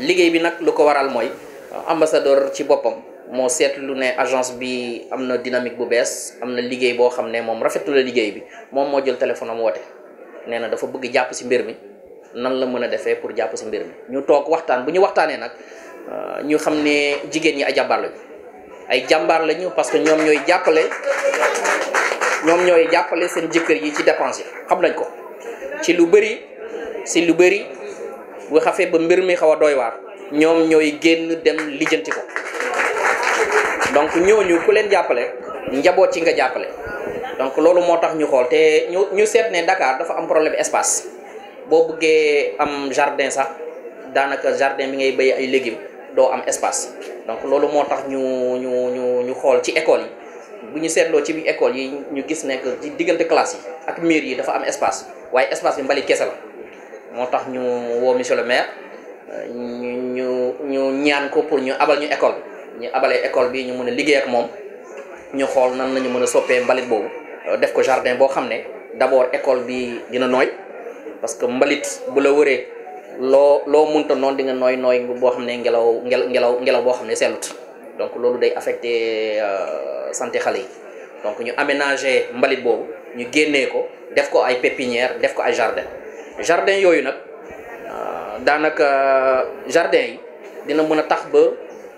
liggéey bi nag lu ko waral mooy euh, ambassadeur ci boppam moo lu ne agence bi am na dynamique bu bees am na liggéey boo xam ne moom rafetu la liggéey bi moom moo jël téléphone am woote nee na dafa bëgg jàpp si mbir mi nan la mën a defee pour jàpp si mbir mi ñu toog waxtaan bu ñu waxtaanee nag euh, ñu xam ne jigéen ñi ay jàmbaar lañu ay jàmbaar lañu parce que ñoom ñooy jàppale ñoom ñooy jàppale seen jëkkër yi ci dépense yi xam nañ ko ci lu bëri si lu bëri bu xafee ba mbir mi xaw a doy waar ñoom ñooy génn dem lijjanti ko donc ñooñu ku leen jàppale njaboot ci nga jàppale donc loolu moo tax ñu xool te ñu ñu seet ne Dakar dafa am problème boo bëggee am jardin sax daanaka jardin bi ngay béy ay légumes doo am espace donc loolu moo tax ñu ñu ñu ñu xool ci école yi bu ñu seetloo ci biir école yi ñu gis nekk ci diggante classe yi ak miir yi dafa am espace waaye espace bi mbali kese la. moo tax ñu woo monsieur le maire ñu ñu ñaan ko pour ñu abal ñu école ñu abalee école bi ñu mën a liggéey ak moom ñu xool nan lañu ñu mën a soppee mbalit boobu def ko jardin boo xam ne d'abord école bi dina nooy parce que mbalit bu la wëree loo loo munta noonu di nga nooy nooy boo xam ne ngelaw ngelaw ngelaw boo xam ne sellut donc loolu day affecté euh, santé xale yi donc ñu aménager mbalit boobu ñu génnee ko def ko ay pépinière def ko ay jardin jardin yooyu nag euh, daanaka euh, jardin yi dina mën a tax ba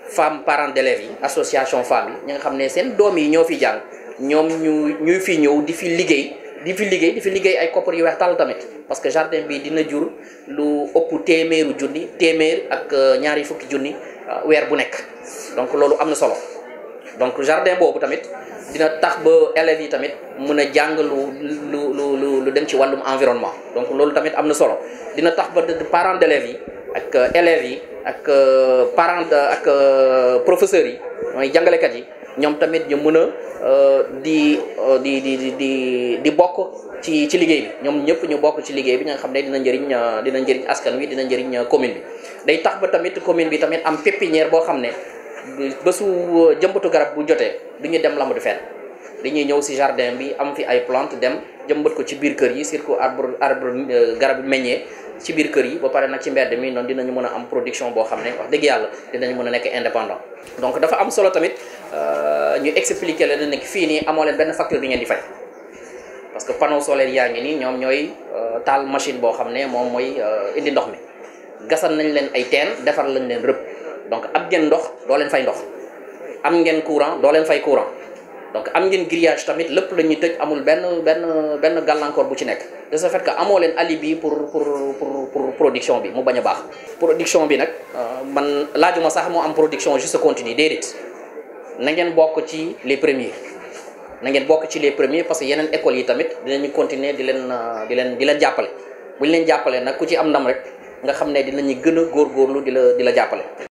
femme parents d'élèves yi association femmes yi ñi nga xam ne seen doom yi ñoo fi jàng ñoom ñu ñuy fi ñëw di fi liggéey di fi liggéey fi liggéey ay koppar yu weex tàll tamit parce que jardin bi dina jur lu ëpp téeméeru junni téeméer ak euh, ñaari fukki junni weer bu nekk donc loolu am na solo donc jardin boobu tamit dina tax ba élèves yi tamit mën a jàng lu lu lu lu lu dem ci wàllum environnement donc loolu tamit am na solo dina tax ba parents d' euh, élèves yi ak élèves euh, yi ak parents euh, ak professeurs yi mooy jàngalekat yi ñoom tamit ñu mën a di di di di di bokk ci ci liggéey bi ñoom ñëpp ñu bokk ci liggéey bi nga xam ne dina njëriñ dina njëriñ askan wi dina njëriñ commune bi day tax ba tamit commune bi tamit am pépinière boo xam ne bésu euh, jëmbatu garab bu jotee du ñu dem lamb du fenn ñuy ñëw si jardin bi am fi ay plante dem jëmbat ko ci biir kër yi surtout arbre arbre euh, garab meññee ci biir kër yi ba pare nag ci mbedd mii noonu dinañu mën a am production boo xam ne wax dëgg yàlla dinañu mën a nekk indépendant donc dafa am solo tamit euh, ñu expliquer leen nekk fii nii amoo leen benn facture bi ngeen di fay parce que panneau solaire yaa ngi nii ñoom ñooy taal machine boo xam ne moom mooy indi ndox mi gasal nañ leen ay teen defar lañ leen donc am ngeen ndox doo leen fay ndox am ngeen courant doo leen fay courant donc am ngeen grillage tamit lépp la ñuy tëj amul benn benn benn gàllankoor bu ci nekk de ce fait que amoo leen alibi pour pour pour pour production bi mu bañ a baax. production bi nag euh, man laajuma sax moo am production juste continue déedéet na ngeen bokk ci les premiers na ngeen bokk ci les premiers parce que yeneen écoles yi tamit dina ñu continuer euh, di leen di leen di jàppale bu ñu leen jàppale nag ku ci am ndam rek xam ne dinañu gën a góorgóorlu di la di la jàppale.